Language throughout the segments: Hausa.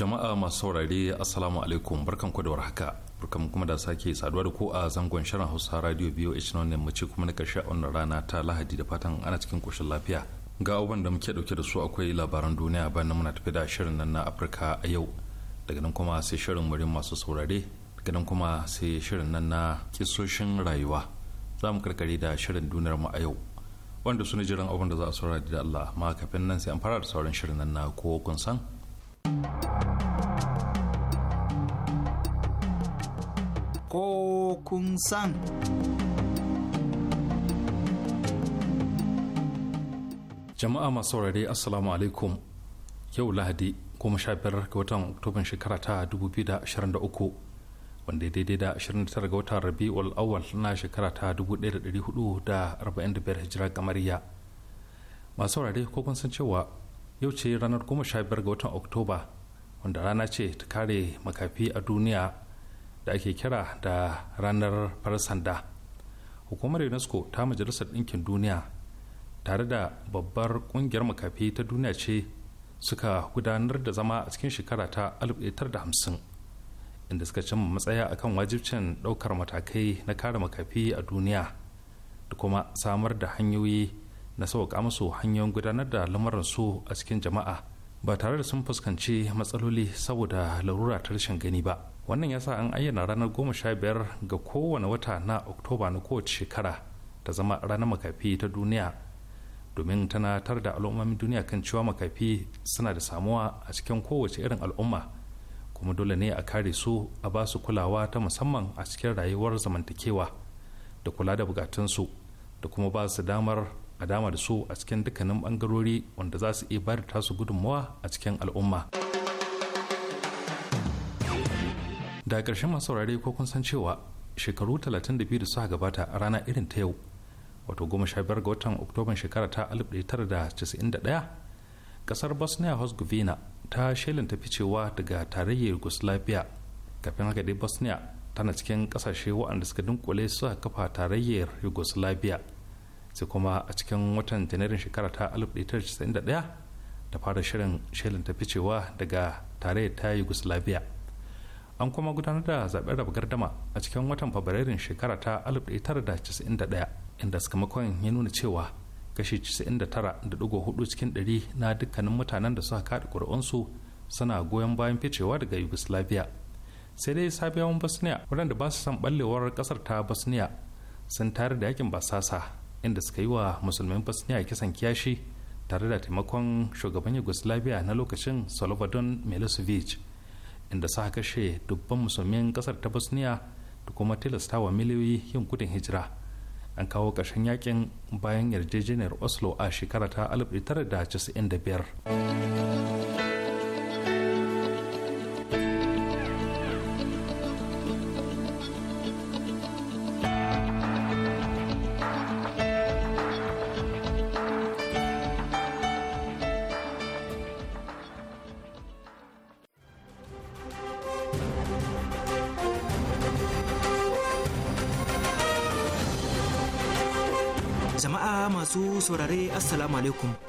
jama'a masu saurare assalamu alaikum barkan ku da warhaka barkan kuma da sake saduwa da ku a zangon shirin hausa radio biyu a cikin wannan mace kuma na karshe a wannan rana ta lahadi da fatan ana cikin koshin lafiya ga abubuwan da muke dauke da su akwai labaran duniya bayan muna tafi da shirin nan na afirka a yau daga nan kuma sai shirin murin masu saurare daga nan kuma sai shirin nan na kisoshin rayuwa za mu karkare da shirin duniyar mu a yau wanda suna jiran abin da za a saurari da Allah ma kafin nan sai an fara da sauran shirin nan na ko kun san. ko kun san. Jama'a masu saurare Assalamu alaikum yau Lahadi goma sha biyar ga watan Oktoban shekara ta 2023 wanda daidai da 29 ga watan Rabi'ul Awwal na shekara ta 1445 hijira kamariya. Masu saurare ko kun san cewa yau ce ranar goma sha biyar ga watan Oktoba wanda rana ce ta kare makafi a duniya da ake kira da ranar farsanda hukumar unesco ta majalisar ɗinkin duniya tare da babbar ƙungiyar makafi ta duniya ce suka gudanar da zama a cikin shekara ta 1950 inda suka cimma matsaya akan wajibcin ɗaukar matakai na kare makafi a duniya da kuma samar da hanyoyi na sauƙa musu hanyoyin gudanar da lamuransu a cikin jama'a ba tare da sun fuskanci matsaloli saboda larura ta rashin gani ba. wannan ya sa an ayyana ranar goma sha biyar ga kowane wata na oktoba na kowace shekara ta zama ranar makafi ta duniya domin tana tar da al'ummomin duniya kan cewa makafi suna da samuwa a cikin kowace irin al'umma kuma dole ne a kare su a ba su kulawa ta musamman a cikin rayuwar zamantakewa da kula da bukatunsu da kuma ba su damar a dama da su a cikin dukkanin bangarori wanda za su iya bayar tasu gudunmawa a cikin al'umma. da ƙarshen masu saurare ko kun san cewa shekaru 32 da suka gabata a rana irin ta yau wato 15 ga watan oktoban shekara ta 1991 kasar bosnia herzegovina ta ta ficewa daga tarayyar yugoslavia kafin haka dai bosnia tana cikin kasashe waɗanda suka dunkule su suka kafa tarayyar yugoslavia sai kuma a cikin watan janairun shekara ta 1991 ta fara shirin ta ficewa daga tarayyar ta yugoslavia an kuma gudanar da zaɓen raba gardama a cikin watan fabrairun shekara ta 1991 inda sakamakon ya nuna cewa kashi 99.4 cikin 100 na dukkanin mutanen da suka kaɗa ƙuri'unsu suna goyon bayan ficewa daga yugoslavia sai dai sabiyawan bosnia waɗanda ba su son ɓallewar ƙasar ta bosnia sun tare da yakin basasa inda suka yi wa musulmin bosnia kisan kiyashi tare da taimakon shugaban yugoslavia na lokacin slobodan milosevic inda suka kashe dubban musulmin kasar ta bosnia da kuma tilastawa miliyoyi yin gudun hijira an kawo ƙarshen yakin bayan yarjejeniyar oslo a shekara ta 1995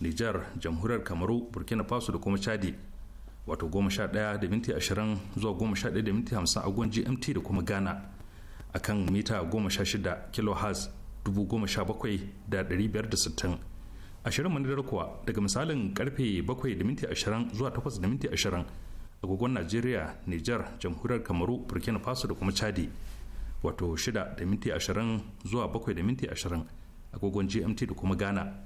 nijar jamhuriyar kamaru burkina faso da kuma chadi wato goma sha ɗaya da minti ashirin zuwa goma sha ɗaya da minti hamsin a agon gmt da kuma ghana a kan mita goma sha shida kilohertz dubu goma sha bakwai da ɗari biyar da sittin ashirin manadar kuwa daga misalin karfe bakwai da minti ashirin zuwa takwas da minti ashirin agogon najeriya niger jamhuriyar kamaru burkina faso da kuma chadi wato shida da minti ashirin zuwa bakwai da minti ashirin agogon gmt da kuma ghana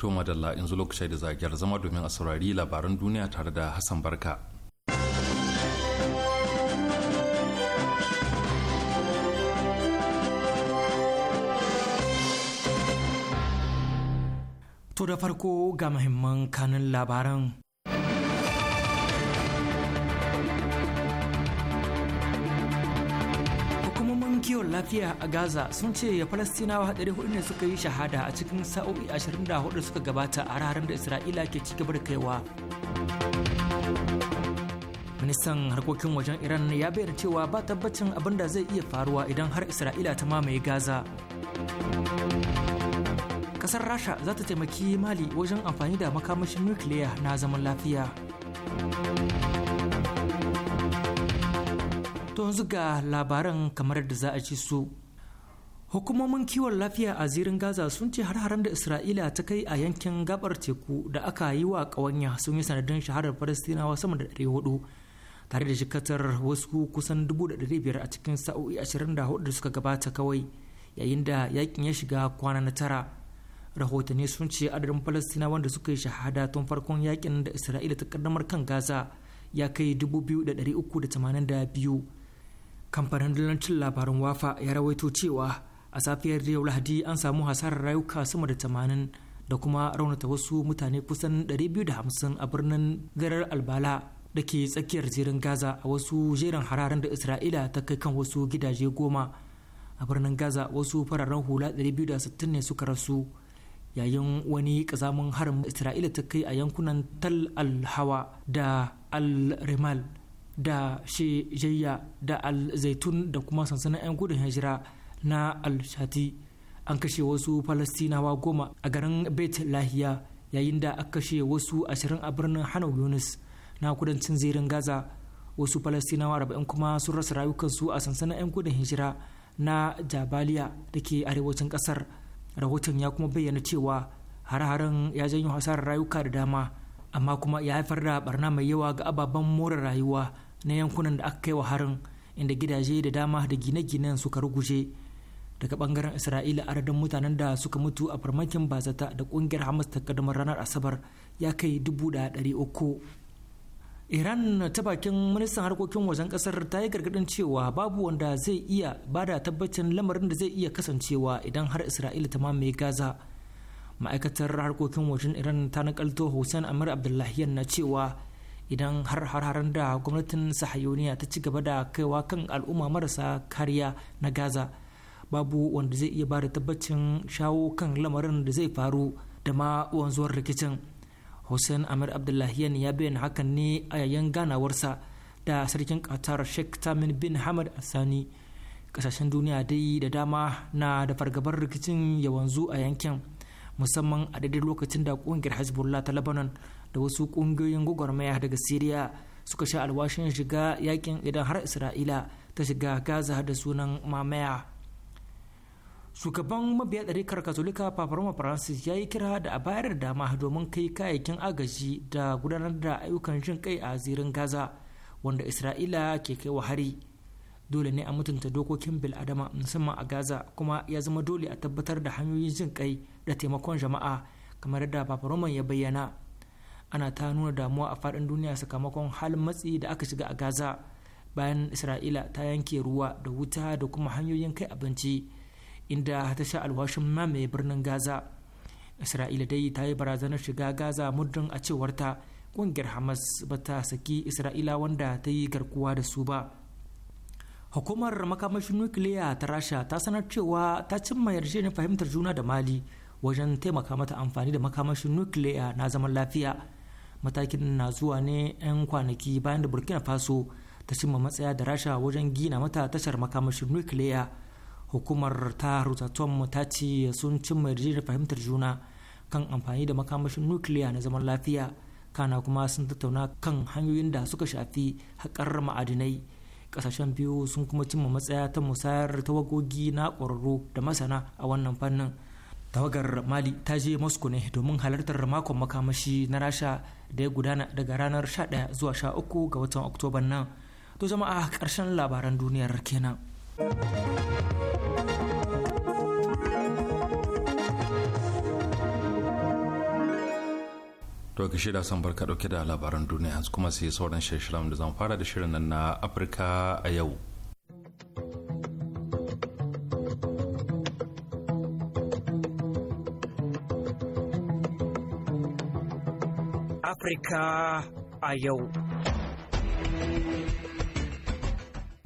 to madalla yanzu lokacin da zagiyar zama domin a saurari labaran duniya tare da hassan barka to da farko ga mahimman kanin labaran lafiya a gaza sun ce falastinawa hudu ne suka yi shahada a cikin sa'o'i 24 suka gabata a ranar da isra'ila ke ci gaba da kaiwa ministan harkokin wajen iran ya bayyana cewa ba tabbacin abin da zai iya faruwa idan har isra'ila ta mamaye gaza kasar rasha za ta taimaki mali wajen amfani da makamashin nukiliya na zaman lafiya To yanzu ga labaran kamar da za a ji su. Hukumomin kiwon lafiya a zirin Gaza sun ce har-haren da Isra'ila ta kai a yankin gabar teku da aka yi wa ƙawanya sun yi sanadin shaharar Falastinawa sama da 400 tare da shikatar wasu kusan 1,500 a cikin sa'o'i 24 da suka gabata kawai yayin da yakin ya shiga kwana na tara. Rahotanni sun ce adadin Falastinawa da suka yi shahada tun farkon yakin da Isra'ila ta kaddamar kan Gaza ya kai 2,382 kamfanin dillancin labarin wafa ya rawaito cewa a safiyar yau lahadi an samu hasarar rayuka sama da tamanin da kuma raunata wasu mutane kusan 250 a birnin garar albala da ke tsakiyar jirin gaza a wasu jerin hararen da isra'ila ta kai kan wasu gidaje goma a birnin gaza wasu fararen hula 260 ne suka rasu yayin wani kazamin harin isra'ila ta kai a yankunan tal al-hawa da al-rimal da shejayya da alzaitun da kuma sansanin 'yan gudun hijira na alshati an kashe wasu falastinawa goma a garin bet lahiya yayin da aka kashe wasu ashirin a birnin hana yunus na kudancin zirin gaza wasu falastinawa arba'in kuma sun rasa rayukansu a sansanin 'yan gudun hijira na jabaliya da ke arewacin kasar rahoton ya kuma bayyana cewa har haren ya janyo hasarar rayuka da dama amma kuma ya haifar da barna mai yawa ga ababen more rayuwa na yankunan da aka kai wa harin inda gidaje da dama da gine-ginen suka ruguje daga bangaren isra'ila adadin mutanen da suka mutu a farmakin bazata da kungiyar hamas ta kaddamar ranar asabar ya kai dubu da uku iran ta bakin ministan harkokin wajen kasar ta yi gargadin cewa babu wanda zai iya bada tabbacin lamarin da zai iya kasancewa idan har isra'ila ta mamaye gaza ma'aikatar harkokin wajen iran ta nakalto hussein amir abdullahiyan na cewa idan har hararen da gwamnatin sahayoniya ta ci gaba da kaiwa kan al'umma marasa kariya na gaza babu wanda zai iya bada tabbacin shawo kan lamarin da zai faru da ma wanzuwar rikicin hussein amir abdullahiyan ya bayyana hakan ne a yayin ganawarsa da sarkin qatar sheikh tamin bin hamad asani kasashen duniya dai da dama na da fargabar rikicin ya wanzu a yankin musamman a daidai lokacin da kungiyar hezbollah ta lebanon da wasu ƙungiyoyin gwagwarmaya daga siriya suka sha alwashin shiga yakin idan har isra'ila ta shiga gaza da sunan mamaya shugaban mabiya ɗarikar katolika paparoma francis ya yi kira da a bayar da dama domin kai kayayyakin agaji da gudanar da ayyukan jin kai a zirin gaza wanda isra'ila ke kai wa hari dole ne a mutunta dokokin biladama musamman a gaza kuma ya zama dole a tabbatar da hanyoyin jin kai da taimakon jama'a kamar da paparoman ya bayyana ana ta nuna damuwa a faɗin duniya sakamakon halin matsi da aka shiga a gaza bayan isra'ila ta yanke ruwa da wuta da kuma hanyoyin kai abinci inda ta sha alwashin mamaye birnin gaza isra'ila dai ta yi barazanar shiga gaza muddin a cewar ta ƙungiyar hamas ba ta saki isra'ila wanda ta yi garkuwa da su ba hukumar makamashin nukiliya ta rasha ta sanar cewa ta cimma yarjejeniyar fahimtar juna da mali wajen taimaka mata amfani da makamashin nukiliya na zaman lafiya matakin na zuwa ne 'yan kwanaki bayan da burkina faso ta cimma matsaya da rasha wajen gina mata tashar makamashin nukiliya hukumar ta rotatom ta ce sun cimma yarjejeniyar fahimtar juna kan amfani da makamashin nukiliya na zaman lafiya kana kuma sun tattauna kan hanyoyin da suka shafi haƙar ma'adinai ƙasashen biyu sun kuma cimma matsaya ta musayar tawagogi na ƙwararru da masana a wannan fannin tawagar mali ta je moscow ne domin halartar makon makamashi na rasha da ya gudana daga ranar 11 zuwa 13 ga watan oktoban nan to jama'a karshen labaran duniyar kenan to ga shida son barka dauke da labaran duniya kuma sai sauran shirin da zan fara da shirin nan na afirka a yau Afirka a yau.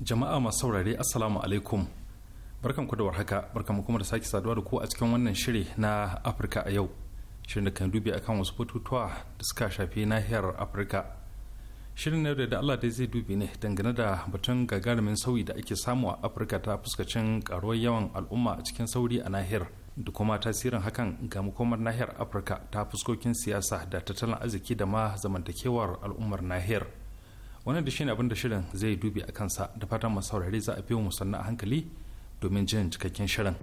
Jama'a masu saurare Assalamu alaikum. Barkan ku da warhaka, barkan kuma da sake saduwa da ku a cikin wannan shiri na Afirka a yau. Shirin da kan dubi a kan wasu batutuwa da suka shafi nahiyar Afirka. Shirin na da Allah dai zai dubi ne dangane da batun gagarumin sauyi da ake samu a Afirka ta fuskacin karuwar yawan al'umma a cikin sauri a nahiyar. da kuma tasirin hakan ga makomar nahiyar afirka ta fuskokin siyasa da tattalin arziki da ma zamantakewar al'ummar nahiyar wani da shine abin da shirin zai dubi a kansa da fatan masu saurare za a fi mu sannan a hankali domin jin cikakken shirin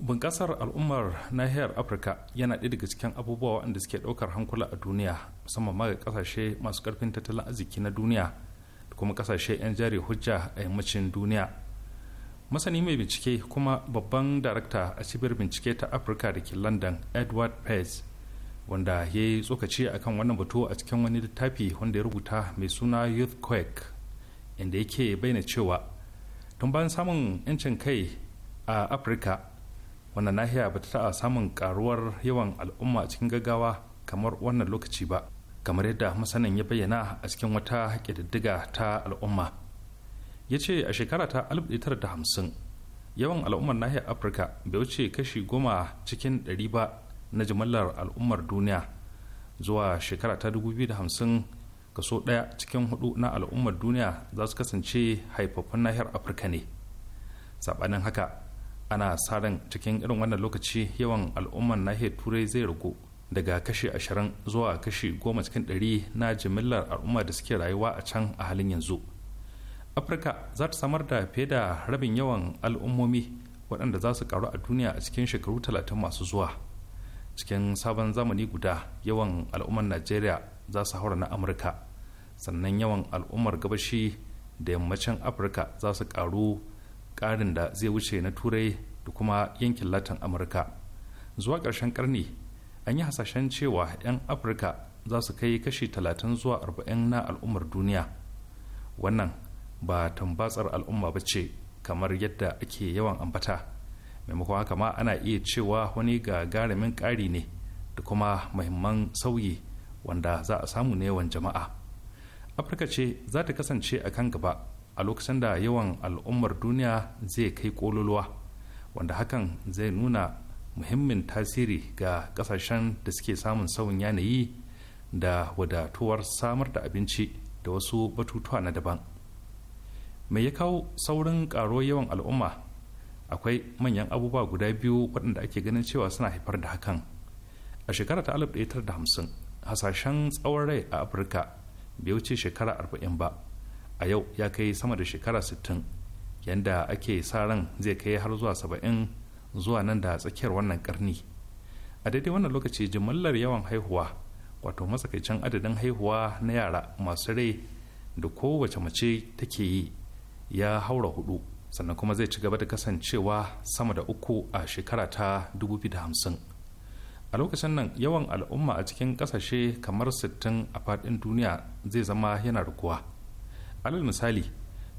bunƙasar al'ummar nahiyar afirka yana ɗaya daga cikin abubuwa waɗanda suke ɗaukar hankula a duniya musamman ma ga ƙasashe masu ƙarfin tattalin arziki na duniya kuma kasashe 'yan jari hujja a yammacin duniya masani mai bincike kuma babban darakta a cibiyar bincike ta afirka da ke london edward pez wanda ya yi tsokaci a kan wannan batu a cikin wani littafi wanda ya rubuta mai suna youth quake inda yake bayyana cewa tun bayan samun 'yancin kai a afirka wannan nahiya ba ta samun karuwar yawan al'umma cikin gaggawa kamar wannan lokaci ba kamar yadda masanin ya bayyana a cikin wata ƙididdiga ta al'umma ya ce a shekara ta 1950 yawan al'ummar nahiyar afirka bai wuce kashi goma cikin ɗari ba na jimallar al'ummar duniya zuwa shekara ta 2050 kaso ɗaya cikin hudu na al'ummar duniya za su kasance haifafin nahiyar afirka ne saɓanin haka ana sa cikin irin wannan lokaci yawan al'ummar nahiyar turai zai ragu daga kashi 20 zuwa kashi 10 cikin 100 na jimillar al'umma da suke rayuwa a can a halin yanzu afirka za ta samar da fiye da rabin yawan al'ummomi waɗanda za su karu a duniya a cikin shekaru 30 masu zuwa cikin sabon zamani guda yawan al'ummar najeriya za su haura na amurka sannan yawan al'ummar gabashi da yammacin afirka za su karu ƙarin da zai wuce na turai da kuma yankin latin amurka zuwa ƙarshen ƙarni an yi hasashen cewa 'yan afirka za su kai kashi 30 zuwa 40 na al'ummar duniya wannan ba tambatsar al'umma ba ce kamar yadda ake yawan ambata maimakon haka ma ana iya cewa wani gagarumin ƙari ne da kuma mahimman sauyi wanda za a samu na yawan jama'a afirka ce za ta kasance a kan gaba a lokacin da yawan al'ummar duniya zai kai kololuwa wanda hakan zai nuna muhimmin tasiri ga kasashen da suke samun sauyin yanayi da wadatuwar samar da abinci da wasu batutuwa na daban mai ya kawo saurin karo yawan al'umma akwai manyan abubuwa guda biyu waɗanda ake ganin cewa suna haifar da hakan a shekara ta hamsin hasashen tsawon rai a afirka bai wuce shekara arba'in ba a yau ya kai sama da shekara 60 yanda ake sa ran zai kai har zuwa saba'in. zuwa nan da tsakiyar wannan karni a daidai wannan lokaci jimallar yawan haihuwa wato matsakaicin adadin haihuwa na yara masu rai da kowace mace take yi ya haura hudu sannan kuma zai ci gaba da kasancewa sama da uku a shekara ta 2050 a lokacin nan yawan al'umma a cikin kasashe kamar 60 a faɗin duniya zai zama yana rikuwa alal misali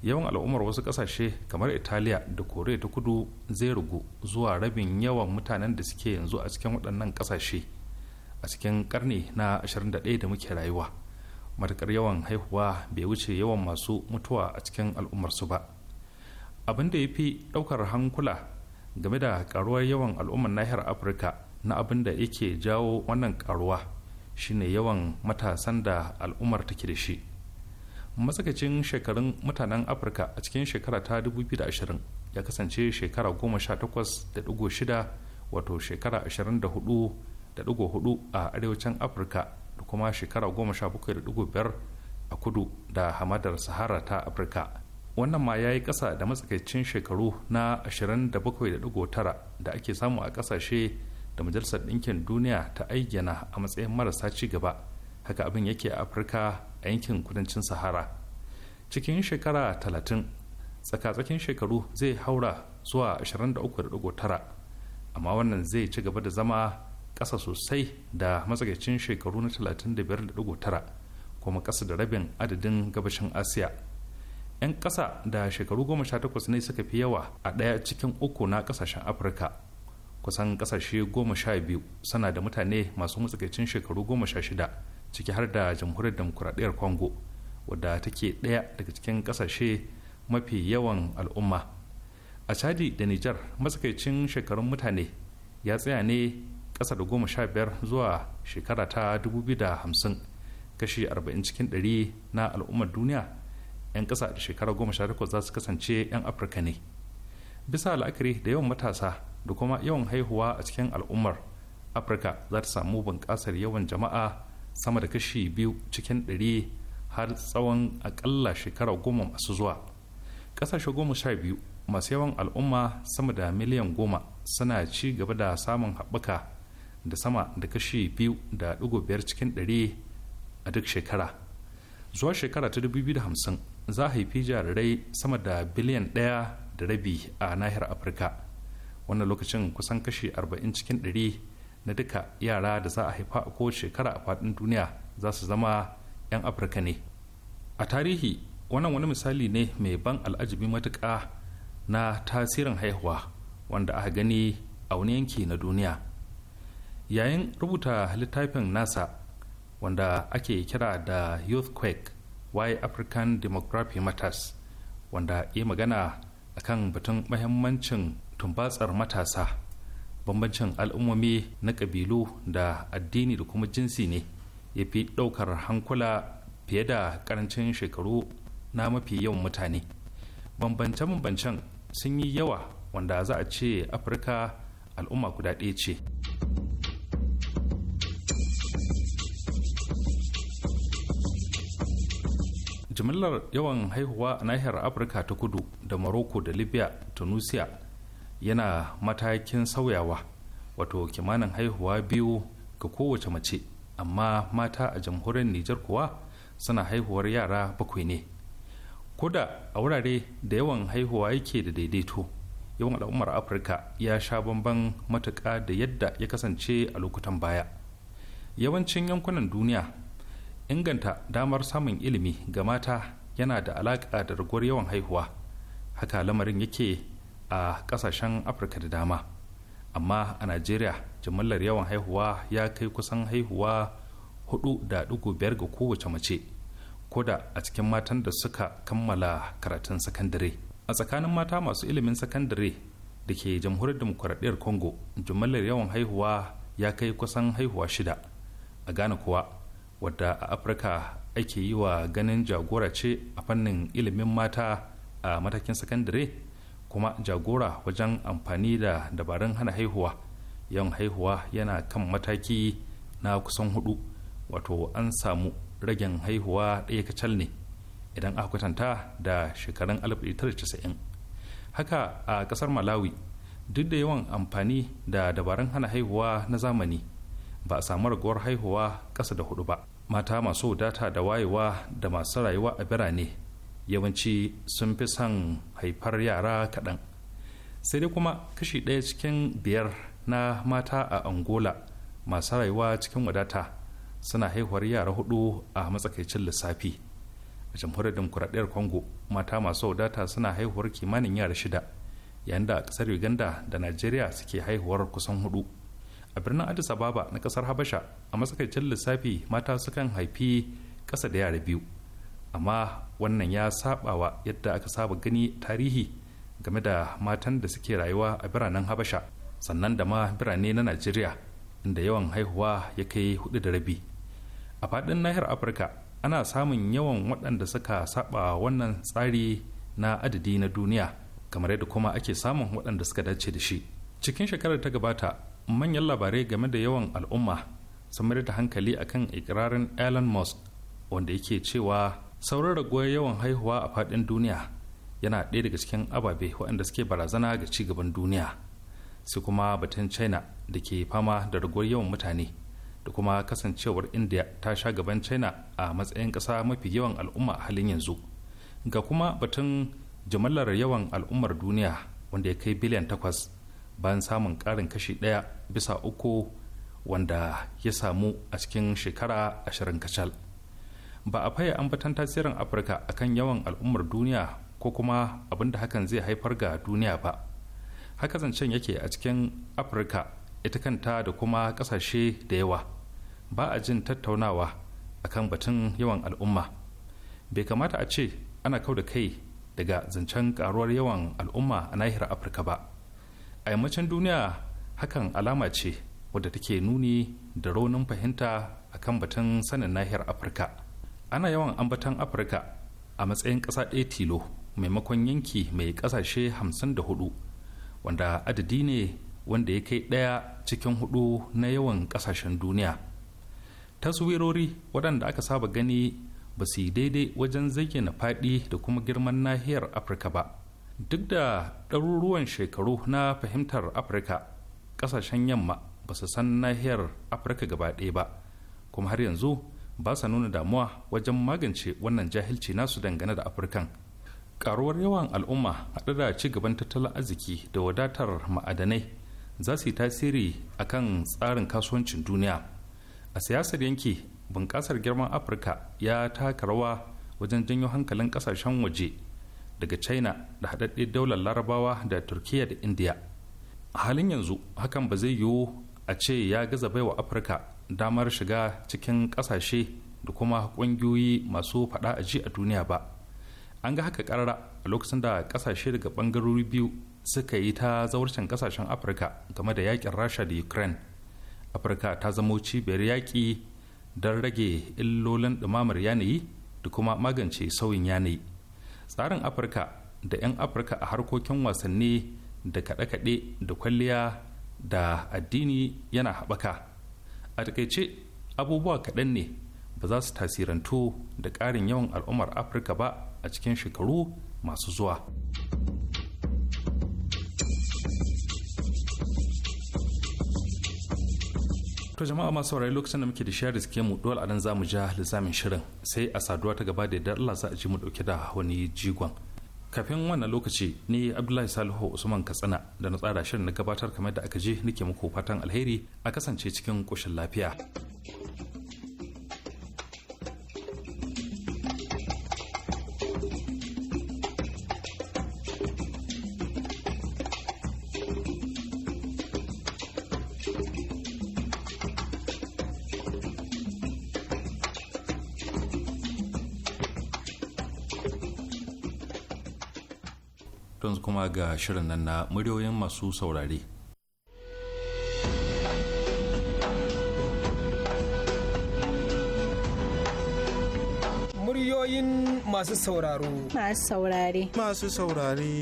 yawan al'ummar wasu kasashe kamar italiya da kore ta kudu zai rugu zuwa rabin yawan mutanen da suke yanzu a cikin waɗannan kasashe a cikin karni na 21 da muke rayuwa matakar yawan haihuwa bai wuce yawan masu mutuwa a cikin al'ummarsu ba abin da ya fi ɗaukar hankula game da karuwar yawan al'ummar nahiyar afirka na abin da yake jawo wannan karuwa shine yawan matasan da al'ummar take da shi matsakaicin shekarun mutanen afirka a cikin shekara ta 2020 ya kasance shekara 18.6 wato shekara 24.4 a arewacin afirka da kuma shekara 17.5 a kudu da hamadar sahara ta afirka wannan ma ya yi kasa da matsakaicin shekaru na 27.9 da ake samu a kasashe da majalisar ɗinkin duniya ta ayyana a matsayin marasa ci gaba haka abin yake a afirka a yankin kudancin sahara cikin shekara talatin tsakatsakin shekaru zai haura zuwa 23.9 amma wannan zai ci gaba da zama ƙasa sosai da matsakaicin shekaru na 35.9 kuma ƙasa da rabin adadin gabashin asiya 'yan ƙasa da shekaru 18 ne suka fi yawa a ɗaya cikin uku na ƙasashen afirka kusan ƙasashe 12 suna da mutane masu matsakaicin shekaru 16 ciki har da jamhuriyar demokuraɗiyar congo wadda take ɗaya daga cikin ƙasashe mafi yawan al'umma a chadi da nijar matsakaicin shekarun mutane ya tsaya ne ƙasa da goma sha biyar zuwa shekara ta dubu biyu da hamsin kashi arba'in cikin ɗari na al'ummar duniya 'yan ƙasa da shekara goma sha takwas za su kasance 'yan afirka ne bisa la'akari da yawan matasa da kuma yawan haihuwa a cikin al'ummar afirka za ta samu bunƙasar yawan jama'a sama da kashi biyu cikin ɗari har tsawon akalla shekara goma masu zuwa ƙasashe goma sha biyu masu yawan al'umma sama da miliyan goma suna ci gaba da samun haɓaka da sama da kashi biyu da ɗigo biyar cikin ɗari a duk shekara zuwa shekara ta dubu biyu da hamsin za a haifi jarirai sama da biliyan ɗaya da rabi a nahiyar afirka wannan lokacin kusan kashi arba'in cikin ɗari na duka yara da za a haifa a kowace shekara a faɗin duniya za su zama 'yan afirka ne a tarihi wannan wani misali ne mai ban al'ajibi matuƙa na tasirin haihuwa wanda aka gani a wani yanki na duniya yayin rubuta littafin nasa wanda ake kira da youthquake why african demography matters wanda ya magana akan batun mahimmancin tumbatsar matasa bambancin al'ummomi na ƙabilu da addini da kuma jinsi ne ya fi ɗaukar hankula fiye da ƙarancin shekaru na mafi yawan mutane bambance-bambancen sun yi yawa wanda za a ce afirka al'umma guda ɗaya ce jimillar yawan haihuwa a nahiyar afirka ta kudu da morocco da libya tunisia yana matakin sauyawa wato kimanin haihuwa biyu ga kowace mace amma mata a jamhuriyar nijar kuwa suna haihuwar yara bakwai ne ko da a wurare da yawan haihuwa yake da daidaito yawan al'ummar afirka ya sha bamban matuƙa da yadda ya kasance a lokutan baya yawancin yankunan duniya inganta damar samun ilimi ga mata yana da alaƙa da raguwar yawan haihuwa haka lamarin yake a kasashen afirka da dama amma a najeriya jimillar yawan haihuwa ya kai kusan haihuwa 4.5 ga kowace mace ko da a cikin matan da suka kammala karatun sakandare a tsakanin mata masu ilimin sakandare da ke jamhuriyar demokuraɗiyar congo jimillar yawan haihuwa ya kai kusan haihuwa shida a ghana kuwa wadda a afirka ake yi wa ganin jagora ce a fannin ilimin mata a matakin sakandare kuma jagora wajen amfani da dabarun hana haihuwa yawan haihuwa yana kan mataki na kusan hudu wato an samu ragin haihuwa ɗaya kacal ne idan aka kwatanta da shekarun 1990 haka a ƙasar malawi duk da yawan amfani da dabarun hana haihuwa na zamani ba a samu raguwar haihuwa ƙasa da hudu ba mata masu wadata da wayewa da masu rayuwa a birane yawanci sun fi son haifar yara kaɗan sai dai kuma kashi ɗaya cikin biyar na mata a angola masu rayuwa cikin wadata suna haihuwar yara hudu a matsakaicin lissafi a jamhuriyar demokuraɗiyar congo mata masu wadata suna haihuwar kimanin yara shida yayin da ƙasar uganda da najeriya suke haihuwar kusan hudu a birnin addis ababa na ƙasar habasha a matsakaicin lissafi mata sukan haifi ƙasa da yara biyu amma wannan ya wa yadda aka saba gani tarihi game da matan da suke rayuwa a biranen habasha sannan da ma birane na najeriya inda yawan haihuwa ya kai hudu da rabi a faɗin nahiyar afirka ana samun yawan waɗanda suka saba wannan tsari na adadi na duniya kamar yadda kuma ake samun waɗanda suka dace da shi cikin shekarar ta gabata manyan labarai game da yawan al'umma sun mayar da hankali akan ikirarin elon musk wanda yake cewa sauran raguwar yawan haihuwa a faɗin duniya yana ɗaya daga cikin ababe waɗanda suke barazana ga ci gaban duniya sai kuma batun china da ke fama da raguwar yawan mutane da kuma kasancewar india ta sha gaban china a matsayin ƙasa mafi yawan al'umma a halin yanzu ga kuma batun jimallar yawan al'ummar duniya wanda ya kai biliyan takwas bayan samun ƙarin kashi ɗaya bisa uku wanda ya samu a cikin shekara ashirin kacal ba a faye ambatan tasirin afirka akan yawan al'ummar duniya ko kuma abin da hakan zai haifar ga duniya ba haka zancen yake a cikin afirka ita kanta da kuma kasashe da yawa ba a jin tattaunawa akan batun yawan al'umma bai kamata a ce ana kau da kai daga zancen karuwar yawan al'umma a nahiyar afirka ba a yammacin duniya hakan alama ce wadda take nuni da raunin fahimta akan batun sanin nahiyar afirka ana yawan ambatan afirka a matsayin ƙasa ɗaya tilo maimakon yanki mai ƙasashe 54 wanda adadi ne wanda ya kai ɗaya cikin hudu na yawan ƙasashen duniya taswirori waɗanda aka saba gani ba su yi daidai wajen zayyana faɗi da kuma girman nahiyar afirka ba duk da ɗaruruwan shekaru na fahimtar afirka ƙasashen yamma ba su san nahiyar afirka gaba ɗaya ba kuma har yanzu ba sa nuna damuwa wajen magance wannan jahilci nasu dangane da afirkan karuwar yawan al'umma haɗe da ci gaban tattalin arziki da wadatar ma'adanai za su yi tasiri a kan tsarin kasuwancin duniya a siyasar yanki bunƙasar girman afirka ya taka rawa wajen janyo hankalin ƙasashen waje daga china da haɗaɗɗe daular larabawa da turkiya da india a halin yanzu hakan ba zai yiwu a ce ya gaza baiwa afirka damar shiga cikin ƙasashe da kuma ƙungiyoyi masu faɗa a ji a duniya ba an ga haka ƙarara a lokacin da ƙasashe daga ɓangarori biyu suka yi ta zawarcin ƙasashen afirka game da yakin rasha da ukraine afirka ta zamo cibiyar yaƙi don rage illolin ɗumamar yanayi da kuma magance sauyin yanayi tsarin afirka da 'yan afirka a harkokin wasanni da kaɗe-kaɗe da kwalliya da addini yana haɓaka a takaice abubuwa kaɗan ne ba za su tasirantu da ƙarin yawan al'ummar afirka ba a cikin shekaru masu zuwa to jama'a masu saurari lokacin da muke da share suke mu dole a nan za mu ja lissamin shirin sai a saduwa ta gaba da yadda Allah za a ji mu dauke da wani jigon kafin wannan lokaci ni abdullahi salihu usman katsina da na tsara shirin na gabatar kamar da aka je nake muku fatan alheri a kasance cikin koshin lafiya ga shirin nan na muryoyin masu saurare. Muryoyin masu sauraro. Masu saurare. Masu saurare.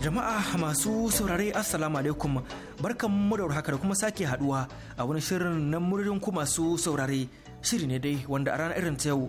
Jama'a masu saurare Assalamu alaikum barkan mu da haka da kuma sake haduwa a wani shirin na muryoyin ku masu saurare shiri ne dai wanda a ranar irin ta yau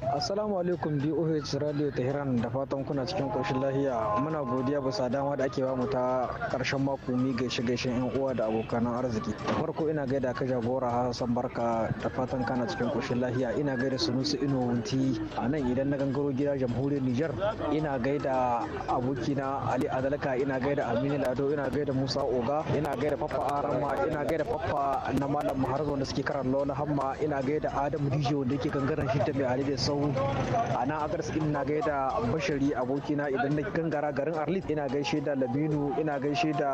Assalamu alaikum BOH Radio Tehran da fatan kuna cikin ƙoshin lahiya muna godiya bisa dama da ake bamu ta ƙarshen mako mi gaishe gaishe yan uwa da abokan arziki. Da farko ina gaida ka jagora Hassan Barka da fatan kana cikin ƙoshin lahiya ina gaida Sunusi Ino Wunti a nan idan na gangaro gida jamhuriyar Nijar ina gaida abokina Ali Adalka ina gaida Aminu Lado ina gaida Musa Oga ina gaida Papa Arama ina gaida Papa na Malam Maharzo da suke karan Lola Hamma ina gaida Adamu Dijo wanda yake gangaren shi da mai Ali da sau a nan agars ina gai da bashari abokina idan na gangara garin arlit ina gaishe da labinu ina gaishe da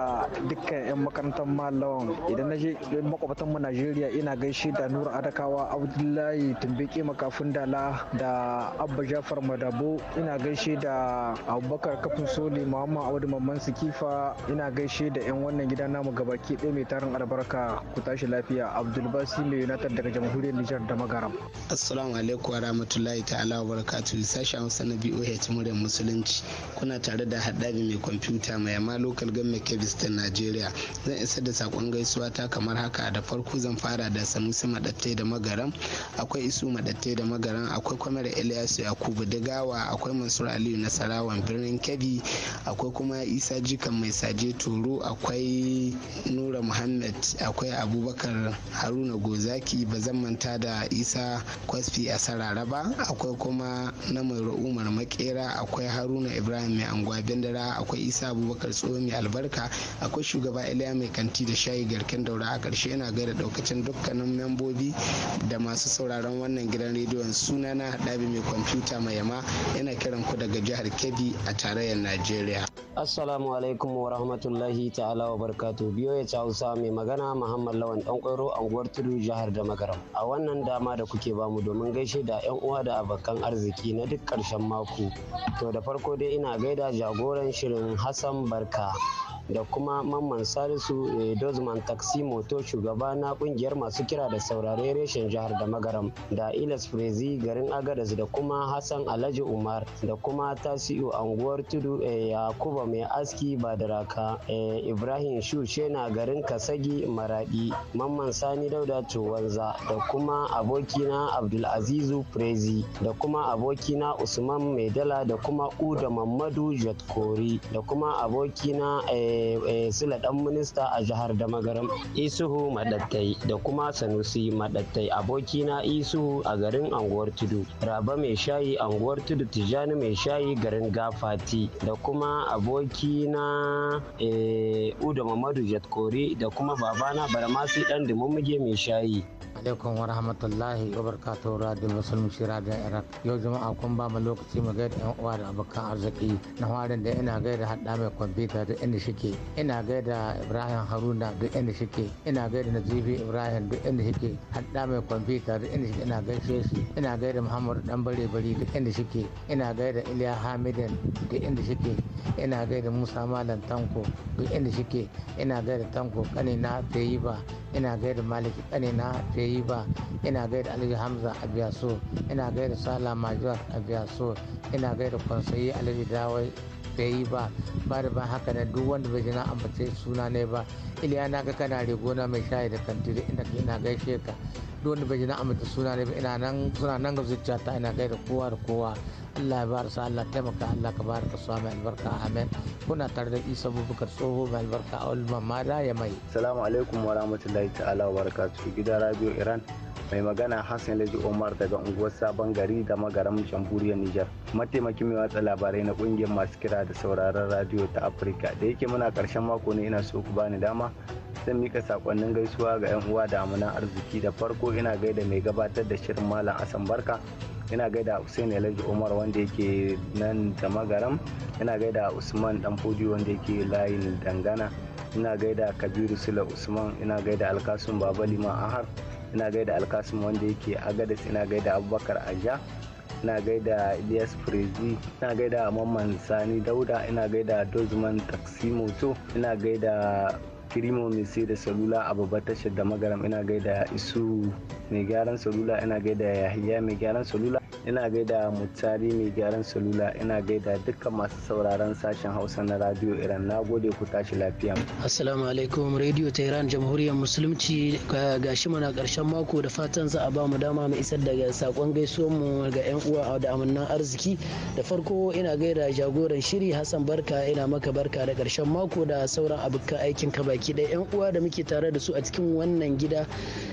dukkan yan makarantar malawan idan na je makwabtan mu najeriya ina gaishe da nura adakawa abdullahi tumbeke makafin dala da abba jafar madabo ina gaishe da abubakar kafin soli muhammad audu mamman Kifa ina gaishe da yan wannan gida namu gabaki ɗaya mai tarin albarka ku tashi lafiya abdulbasi mai yunatar daga jamhuriyar nijar da magaram assalamu alaikum wa rahmatullahi ta'ala wa barakatuhu sashen hausa na boh muryar musulunci kuna tare da haɗari mai kwamfuta mai yama lokal government kebis ta najeriya zan isa da sakon gaisuwa ta kamar haka da farko zan fara da sanusi maɗattai da magaran akwai isu maɗattai da magaran akwai kwamar ilyasu yakubu digawa akwai mansur aliyu nasarawan birnin kebbi akwai kuma isa jikan mai saje toro akwai nura muhammad akwai abubakar haruna gozaki ba zan manta da isa kwasfi a sarara ba akwai kuma na mai umar makera akwai haruna ibrahim mai anguwa bindira akwai isa abubakar tsohon mai albarka akwai shugaba iliya mai kanti da shayi garken daura a ƙarshe yana gaida daukacin dukkanin membobi da masu sauraron wannan gidan rediyon suna na haɗabi mai kwamfuta mai yama yana kiran ku daga jihar kebbi a tarayyar najeriya assalamu alaikum wa rahmatullahi ta'ala wa barkatu biyo ya hausa mai magana muhammad lawan dan kwairo anguwar tudu jihar da magaram a wannan dama da kuke bamu domin gaishe da yan uwa uwa da abokan arziki na duk ƙarshen mako. To da farko dai ina gaida jagoran shirin Hassan Barka da kuma mamman salisu eh, dozman taxi moto shugaba na kungiyar masu kira da saurare reshen jihar da magaram da ilas frezi garin agadas da kuma hassan alhaji umar da kuma tasiu anguwar tudu eh, yakuba mai aski badaraka eh, ibrahim shushe na garin kasagi maradi mamman sani dauda wanza. da kuma abokina abdulazizu frezi da kuma abokina usman maidala da kuma uda mamadu jatkori da kuma abokina Eh, eh, Sule dan minista a jihar damagaram isuhu madattai da kuma sanusi madattai abokina isuhu a garin anguwar tudu raba mai shayi anguwar tudu tijjani mai shayi garin gafati da kuma abokina eh, uda mamadu jatkori da kuma babana baramasi dan dimumuge mai shayi alaikum wa rahmatullahi wa barakatuh radio musulunci da iraq yau jama'a kun ba mu lokaci mu gaida yan uwa da abokan arziki na warin da ina gaida hada mai kwamfuta duk inda shike ina gaida ibrahim haruna duk inda shike ina gaida nazifi ibrahim duk inda shike hada mai kwamfuta duk inda shike ina gaishe shi ina gaida muhammadu dan bare bari duk inda shike ina gaida iliya hamidan duk inda shike ina gaida musa malam tanko duk inda shike ina gaida tanko kanina ta yi ba ina gaida maliki kanina ta yi ba ina gaida alhaji hamza a so ina gaida sala majuwar a so ina gaida kwansayi alhaji dawai ta yi ba ba da ban haka na duk wanda bai jina ambace suna ne ba iliya na ga kana rigona mai shayi da kanti da inda ina gaishe ka duk wanda bai jina ambace suna ne ba ina nan suna nan ga zuciyata ina gaida kowa da kowa Allah ya barasa Allah taimaka Allah ka baraka su mai albarka amen kuna tare da Isa bubukar tsoho mai albarka a Ulman Mada ya mai. Salamu alaikum wa rahmatullahi ta'ala wa barakatuhu gidan Radio Iran mai magana hassan laji omar daga unguwar sabon gari da magaram jamhuriyar niger mataimakin mai watsa labarai na kungiyar masu kira da sauraron radio ta afirka da yake muna karshen mako ne ina so ku bani dama zan mika sakonnin gaisuwa ga yan uwa da amina arziki da farko ina gaida mai gabatar da shirin malam asan barka ina gaida Hussein Alhaji omar wanda yake nan da magaram ina gaida Usman Danfodi wanda yake layin dangana ina gaida Kabiru Sula Usman ina gaida Alkasun Baba Liman Ahar ina gaida alkasim wanda yake agadis ina gaida abubakar aja ina gaida Ilyas Frezi, ina gaida Mamman Sani Dauda, ina gaida Dozman moto ina gaida Kirimo mai da Salula a Ababa tashar da Magaram, ina gaida Isu mai gyaran Salula, ina gaida Yahiya mai gyaran Salula, ina gaida mutari mai gyaran salula ina gaida dukkan masu sauraron sashen hausa na radio iran na gode ku tashi lafiya assalamu alaikum radio ta iran jamhuriyar musulunci gashi mana karshen mako da fatan za a ba mu dama mu isar da sakon gaisuwar mu ga yan uwa da amannan arziki da farko ina gaida jagoran shiri hassan barka ina maka barka da karshen mako da sauran abokan aikin ka baki da yan uwa da muke tare da su a cikin wannan gida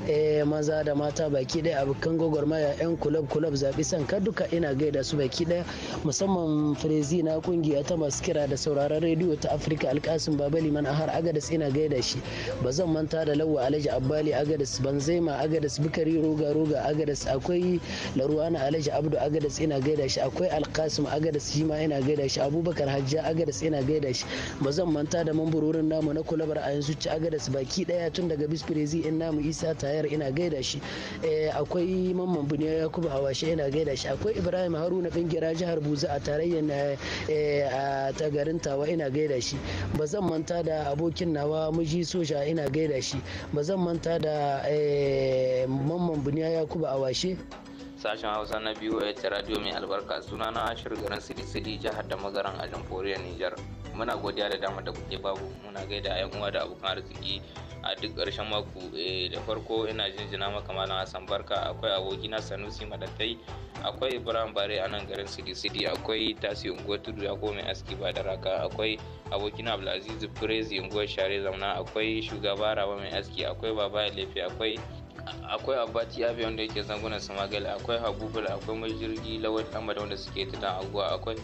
eh, maza da mata baki ɗaya abokan gwagwarmaya yan kulab kulab zabi san ka duka ina gaida su baki daya musamman firezi na kungiya ta masu kira da sauraron rediyo ta afirka alkasin babali man har agadas ina gaida shi ba zan manta da lawa alhaji abbali agadas banzema agadas bukari roga roga agadas akwai laruwana alhaji abdu agadas ina gaida shi akwai alkasim agadas shi ma ina gaida shi abubakar hajja agadas ina gaida shi ba zan manta da mamburorin namu na kulabar a yanzu ci agadas baki daya tun daga bisfirezi in namu isa tayar ina gaida shi eh, akwai mamman buniya yakubu hawashe ina gaida shi akwai ibrahim haruna bingira jihar buza a tarayyar eh, eh, a ta garin tawa ina gaida shi ba zan manta da abokin nawa miji soja ina gaida shi ba zan manta da eh, mamman buniya ya kuba a washe sashen hausa na biyu a radio mai albarka suna na ashir garin sidi-sidi jihar da magaran a jamhuriyar nijar muna godiya da dama da kuke babu muna gaida yan uwa da abokan arziki a duk ƙarshen mako eh, da farko ina jinjina maka malam hassan barka akwai abokina sanusi madattai akwai ibrahim bare a nan garin sidi sidi akwai tasi unguwar tudu ya mai aski ba da raka akwai abokina abdulaziz firezi unguwar share zauna akwai shugaba raba mai aski akwai baba ya lefe akwai akwai abati abi wanda yake zangunan samagal akwai habubul akwai majirgi lawal amada wanda suke ta aguwa akwai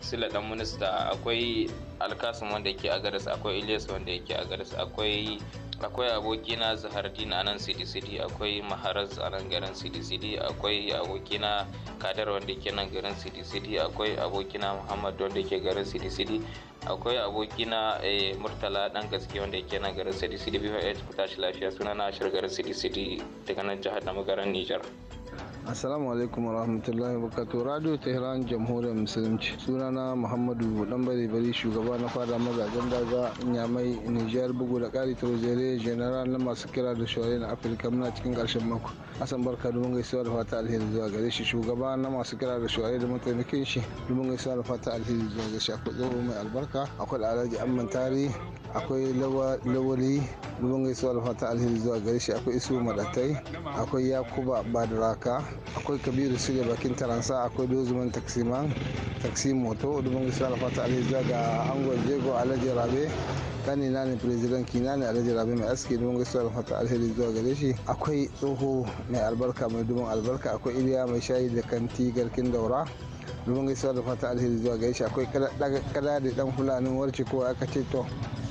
sila dan minista akwai alkasim wanda yake a garis akwai ilyas wanda yake a garis akwai akwai abokina zahardin a nan city akwai maharaz a nan garin city akwai abokina kadar wanda ke nan garin city akwai abokina muhammad wanda ke garin city akwai abokina eh, murtala dan gaske wanda ke nan garin city city bvh ku tashi lafiya suna na shirgar city daga nan jihar namu magaran nijar. Assalamu alaikum warahmatullahi wabarakatuh. Radio Tehran Jamhuriyar Musulunci. Sunana Muhammadu Dambare Bari shugaba na fada mazajen daga Nyamai Nijar bugu da kari Trozere General na masu kira da shawarai na Afirka muna cikin karshen mako. Hassan Barka domin gaisuwa da fata alheri zuwa gare shi shugaba na masu kira da shawarai da mataimakin shi domin gaisuwa da fata alheri zuwa gare shi akwai tsoro mai albarka akwai alhaji Amman tarihi. akwai lawali dubin gaisuwa alfata alheri zuwa gare shi akwai isu madatai akwai yakuba badaraka akwai kabiru sule bakin taransa akwai dozuman taksiman taksi moto dubin gaisuwa alfata alheri zuwa ga angon jego alhaji rabe kani na ne president kina ne alhaji rabe mai aski don gaisuwa da fata alheri zuwa gare shi akwai tsoho mai albarka mai dubin albarka akwai iliya mai shayi da kanti garkin daura dubin gaisuwa da fata alheri zuwa gare akwai kada da dan fulani warce ko aka ce to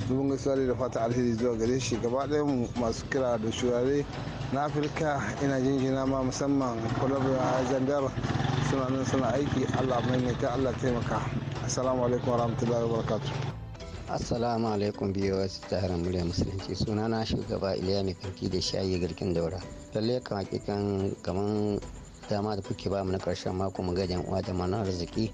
dubin gaisuwa da fata alheri zuwa gare shi gaba ɗaya mu masu kira da shurare na afirka ina jinjina ma musamman kwalabra zandar suna nan suna aiki allah maimaita allah taimaka assalamu alaikum wa barakatu assalamu alaikum biyu wasu tsarin murya musulunci sunana shugaba iliya mai karki da shayi garkin daura lalle kan hakikan kaman dama da kuke ba mu na karshen mako mu gajen uwa da mana arziki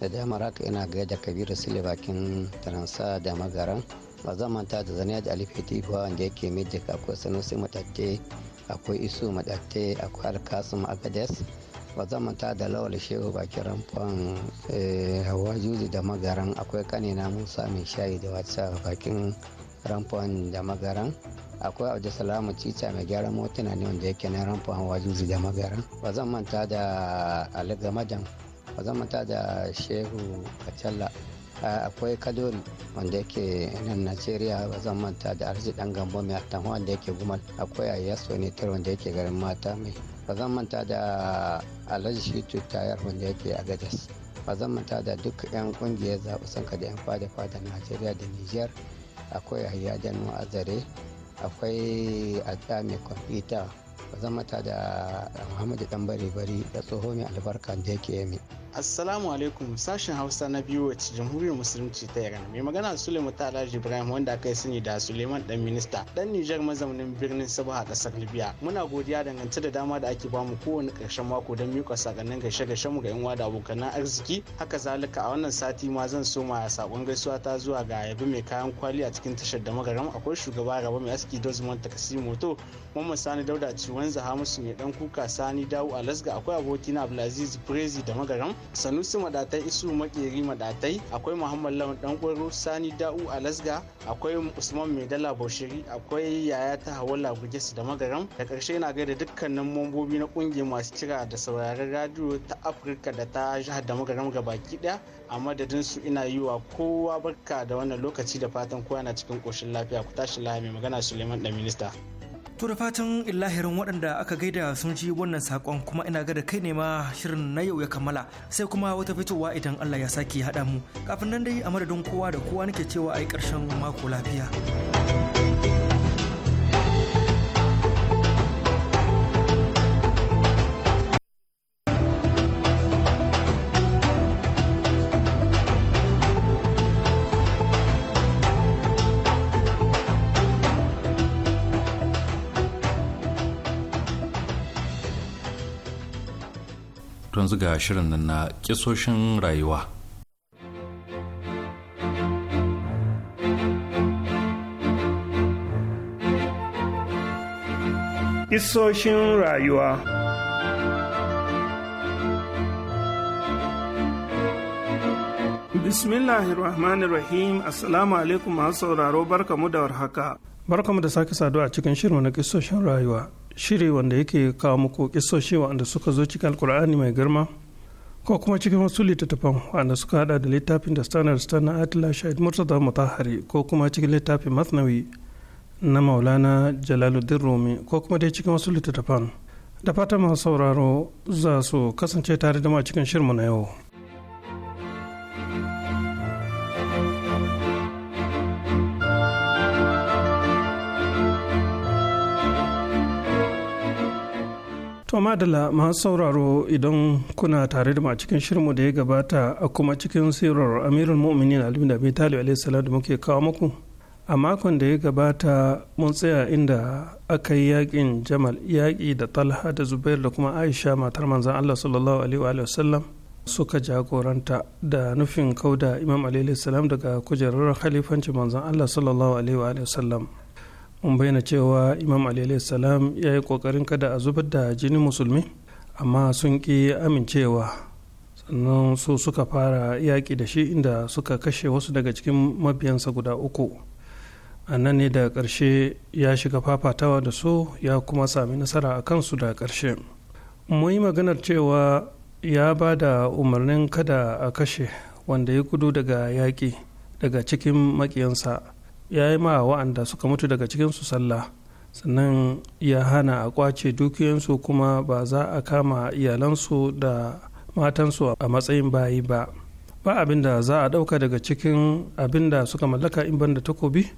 da damar haka ina gaya da kabiru sule bakin taransa da magaran ba zan manta da zane da alifi tibuwa wanda yake mijik akwai sanusi matatte akwai isu matatte akwai alkasum agades ba zan manta da lawal shehu bakin ramfan eh, hawa juji da magaran akwai kanina musa mai shayi da wata bakin ramfan da magaran akwai salamu cica mai gyaran motuna ne wanda yake na ramfa wajen da magara ba zan manta da Gamadan. ba zan manta da shehu kacalla akwai kadori wanda yake nan najeriya ba zan manta da arzi dan gambo mai atan wanda yake gumal akwai ayyaso ne tar wanda yake garin mata mai ba zan manta da alhaji shitu tayar wanda yake a gadas ba zan manta da duk 'yan kungiyar zaɓi sanka da 'yan fada-fada najeriya da Nijiyar. akwai a zare. akwai a mai kwamfuta ba zan mata da muhammadu dan bari bari da tsoho mai albarka da yake mai Assalamu alaikum sashen Hausa na biyu wacce Jamhuriyar Musulunci ta Iran. Mai magana Suleiman Talaji Ibrahim wanda aka yi sani da Suleiman dan minista dan Nijar mazaunin birnin sabuwa a kasar Libya. Muna godiya dangance da dama da ake bamu kowane karshen mako don miƙa sakannin gaishe gaishe mu ga yan da abokan arziki. Haka zalika a wannan sati ma zan so ma sakon gaisuwa ta zuwa ga yabi mai kayan kwali a cikin tashar da magaram akwai shugaba Rabo mai aski Dozman Takasi Moto, Mamman Sani Dauda Ciwon musu mai dan kuka Sani Dawu Alasga akwai abokina Abdulaziz Prezi da magaram. sanusi madatai isu makeri madatai akwai muhammad lawan dan kwaro sani da'u a alasga akwai usman mai dala bashiri akwai yaya ta hawala gugesu da magaram da karshe na gaida dukkanin mambobi na kungiyar masu kira da sauraron radio ta afirka da ta jihar da magaram ga baki daya a madadin su ina yi wa kowa barka da wannan lokaci da fatan kowa na cikin koshin lafiya ku tashi lafiya mai magana suleiman da minista To da fatan illahirin waɗanda aka gaida sun ji wannan saƙon kuma ina ga da kai ne ma shirin na yau ya kammala sai kuma wata fitowa idan Allah ya sake haɗa mu. Kafin nan dai a madadin kowa da kowa nake cewa a yi ƙarshen mako lafiya. ga shirin nan na kisoshin rayuwa. Kisoshin rayuwa Bismillahirrahmanirrahim Assalamu alaikum masu sauraro barkamu da warhaka. Barkamu da sake saduwa a cikin shirin na kisoshin rayuwa. shiri wanda yake kawo muku kisoshi wanda suka zo cikin alkur'ani mai girma ko kuma cikin wasu littattafan wanda suka hada da littafin da standard standard atila shahid murtaza mutahari ko kuma cikin littafin masnawi na maulana jalaluddin rumi ko kuma dai cikin wasu littattafan da fata masu sauraro za su kasance tare da ma cikin cikin shirmu na yau To madala masu sauraro idan kuna tare da mu a cikin shirinmu da ya gabata a kuma cikin sirar amirul mu'minin alimin da talib da muke kawo muku a makon da ya gabata mun tsaya inda aka yi yakin jamal yaƙi da talha da zubair da kuma aisha matar manzan allah sallallahu alaihi wa sallam suka jagoranta da nufin kauda imam alaihi salam daga kujerar khalifancin manzan allah sallallahu alaihi wa sallam mun bayyana cewa imam ali salam ya yi kokarin kada a zubar da jinin musulmi amma sun ƙi amincewa sannan su suka fara yaƙi da shi inda suka kashe wasu daga cikin mabiyansa guda uku a nan ne da ƙarshe ya shiga fafatawa da su ya kuma sami nasara a kansu da ƙarshe mu yi maganar cewa ya ba da umarnin kada a kashe wanda ya gudu daga yaƙi daga cikin maƙiyansa ya yi ma wa'anda suka mutu daga cikinsu sallah sannan ya hana a kwace dukiyansu kuma ba za a kama iyalansu da matansu a matsayin bayi ba ba abin da za a ɗauka daga cikin abin da suka mallaka in banda takobi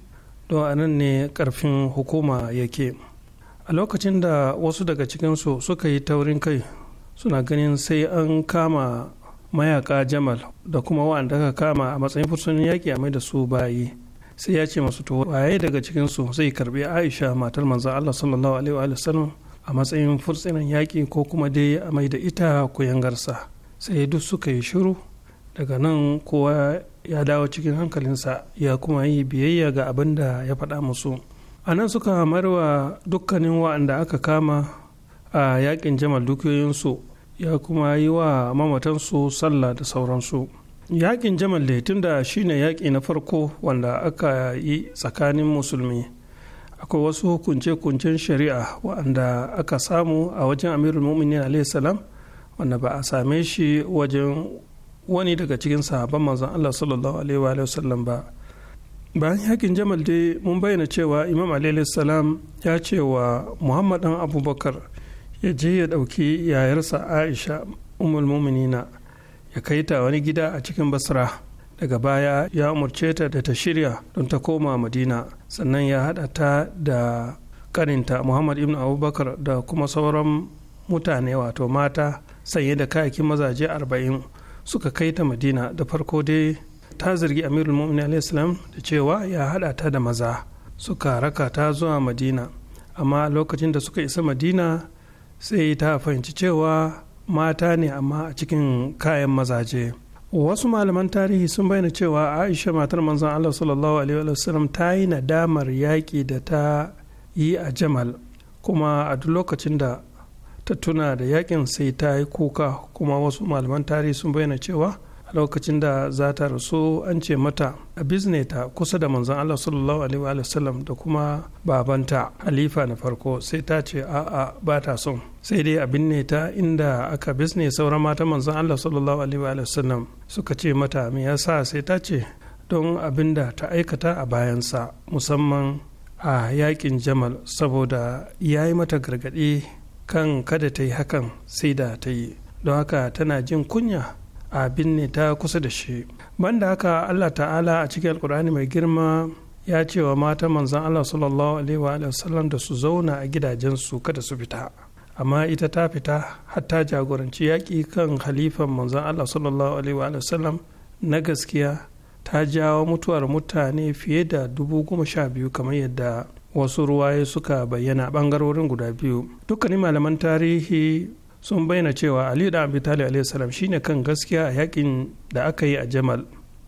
don a nan ne karfin hukuma yake a lokacin da wasu daga cikinsu suka yi taurin kai suna ganin sai an kama mayaka jamal da kuma wa'anda aka kama a matsayin fursunin yaƙi a mai da su bayi sai ya ce masu tuwo waye daga cikinsu zai karbi aisha matar manzan allah sallallahu alaihi wa sallam a matsayin furtsinan yaƙi ko kuma dai a mai da ita kuyangarsa sai duk suka yi shiru daga nan kowa ya dawo cikin hankalinsa ya kuma yi biyayya ga abin da ya faɗa musu a nan suka marwa dukkanin wa'anda aka kama a yaƙin jamal dukiyoyinsu ya kuma yi wa mamatansu sallah da sauransu yakin jamal da tunda da shine yaƙi na farko wanda aka yi tsakanin musulmi akwai wasu hukunce-hukuncen shari'a wanda aka samu a wajen amirul mu'minin salam wanda ba a same shi wajen wani daga cikin sahabban manzon allah sallallahu alaihi wa ba bayan yakin jamal dai mun bayyana cewa imam alaihi salam ya ce wa muhammad abubakar ya je ya ɗauki yayarsa aisha umul mu'minina ya kai ta wani gida a cikin basra daga baya ya umarce ta da ta shirya don ta koma madina sannan ya haɗa ta da kaninta muhammad ibn abubakar da kuma sauran mutane wato mata sanye da kayakin mazaje arba'in suka kai ta madina da farko dai ta zargi amirul mu'min da cewa ya haɗa ta da maza suka raka ta zuwa madina amma lokacin da suka isa madina sai ta fahimci cewa mata ne amma a cikin kayan mazaje wasu malaman tarihi sun bayyana cewa aisha matar manzon allah sallallahu alaihi wasallam ta yi nadamar yaƙi da ta yi a jamal kuma a duk lokacin da ta tuna da yaƙin sai ta yi kuka kuma wasu malaman tarihi sun bayyana cewa a lokacin da za ta rasu an ce mata a bizneta kusa da manzon Allah sallallahu alaihi wasallam da kuma babanta halifa na farko sai ta ce a'a ba ta son sai dai abin ne ta inda aka bisne sauran mata manzon Allah sallallahu alaihi wa sallam suka ce mata me yasa sai ta ce don abin da ta aikata a bayansa musamman a yakin jamal saboda ya yi mata gargaɗi kan kada ta yi hakan sai da ta yi don haka tana jin kunya a binne ta kusa da shi banda haka allah ta'ala a cikin alkur'ani mai girma ya ce wa mata manzan allah sallallahu alaihi wa sallam da su zauna a gidajensu kada su fita amma ita ta fita har ta jagoranci yaƙi kan halifan manzon allah sallallahu alaihi wa sallam na gaskiya ta jawo mutuwar mutane fiye da dubu goma sha biyu kamar yadda wasu ruwaye suka bayyana bangarorin guda biyu dukkanin malaman tarihi sun bayyana cewa ali da abi talib alaihi salam shine kan gaskiya a yakin da aka yi a jamal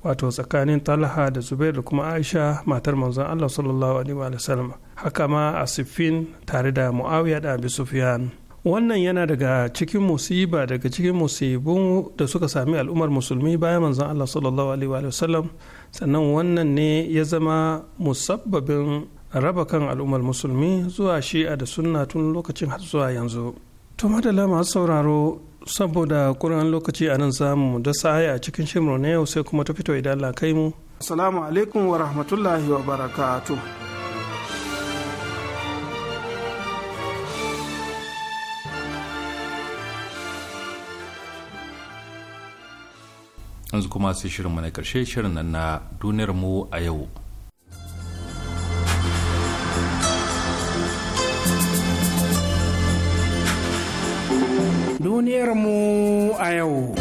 wato tsakanin talha da zubair da kuma aisha matar manzon allah sallallahu alaihi wa sallam haka ma a siffin tare da muawiya da abi sufyan wannan yana daga cikin musiba daga cikin musibun da suka sami al'ummar musulmi bayan manzon Allah sallallahu alaihi wa sallam sannan wannan ne ya zama musabbabin raba kan al'ummar musulmi zuwa shi'a da sunna tun lokacin har zuwa yanzu to madalla masu sauraro saboda kuran lokaci a nan zamu da a cikin shimro na yau sai kuma ta fito idan Allah kai mu assalamu alaikum wa rahmatullahi wa barakatuh yanzu kuma sai shirinmu na karshe shirin nan na duniyar mu a yau duniyar mu a yau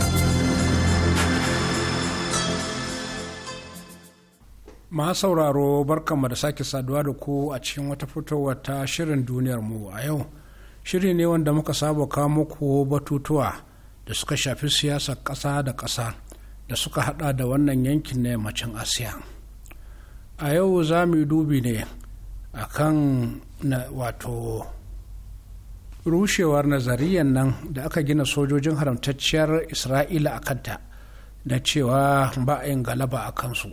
ma sauraro barkanmu da sake saduwa da ku a cikin wata fitowa ta shirin duniyar mu a yau shiri ne wanda muka saba kawo muku batutuwa da suka shafi siyasar ƙasa da ƙasa da suka hada da wannan yankin na yammacin asiya a yau za mu dubi ne a kan wato rushewar nazariyan nan da aka gina sojojin haramtacciyar isra'ila a kanta na cewa ba a yin galaba a kansu